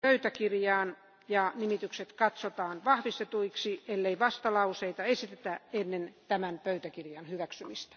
pöytäkirjaan ja nimitykset katsotaan vahvistetuiksi ellei vastalauseita esitetä ennen tämän pöytäkirjan hyväksymistä.